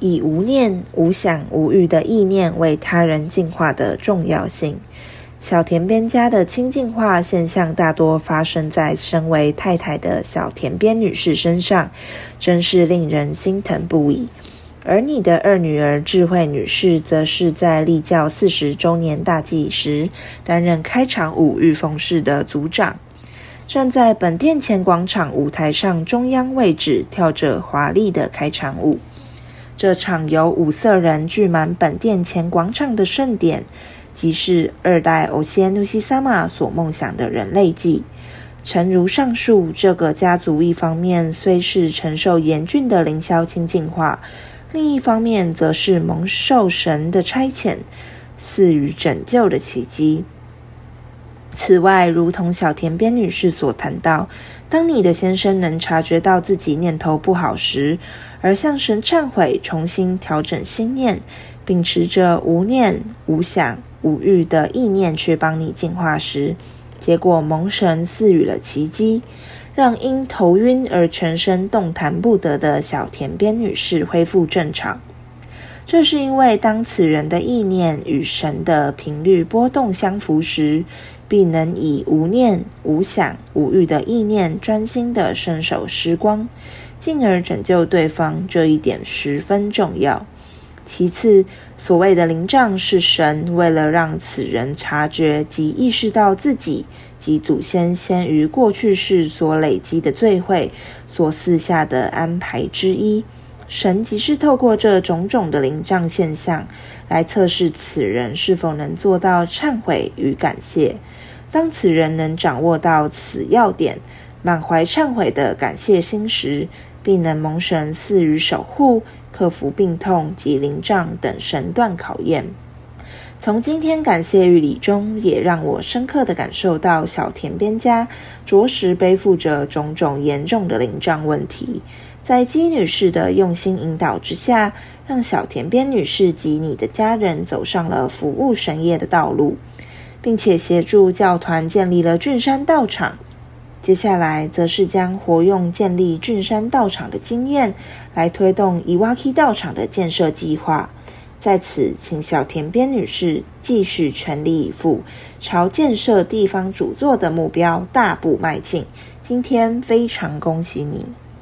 以無念、無想、無慾的意念為他人淨化的重要性。小田邊家的清淨化現象大多發生在身為太太的小田邊女士身上，真是令人心疼不已。而你的二女兒智慧女士，則是在立教四十周年大祭時擔任開場舞御奉仕的組長，站在本殿前廣場舞台上中央位置，跳着華麗的開場舞。這場由五色人聚滿本殿前廣場的盛典，即是二代教主様所夢想的人類祭。誠如上述，這個家族一方面雖是承受嚴峻的凌霄清淨化，另一方面則是蒙受神的差遣，賜予拯救的奇蹟。此外，如同小田邊女士所談到，當你的先生能察覺到自己念頭不好時，而向神懺悔，重新調整心念，秉持着無念、無想、無欲的意念去幫你淨化時，結果蒙神賜予了奇蹟，讓因頭暈而全身動彈不得的小田邊女士恢復正常。這是因為，當此人的意念與神的頻率波動相符時，必能以無念、無想、無慾的意念，專心地伸手施光，進而拯救對方。這一點十分重要。其次，所謂的靈障是神為了讓此人察覺及意識到自己及祖先先於過去世所累積的罪會所賜下的安排之一。神即是透過這種種的靈障現象，來測試此人是否能做到懺悔與感謝。當此人能掌握到此要點，滿懷懺悔的感謝心時，必能蒙神賜予守護，克服病痛及靈障等神斷考驗。從今天感謝浴禮中，也讓我深刻的感受到小田邊家着實背負着種種嚴重的靈障問題。在姬女士的用心引導之下，讓小田邊女士及你的家人走上了服務神業的道路，並且協助教團建立了郡山道場。接下來則是將活用建立郡山道場的經驗，來推動伊瓦基道場的建設計劃。在此，請小田邊女士繼續全力以赴，朝建設地方主座的目標大步邁進。今天非常恭喜你！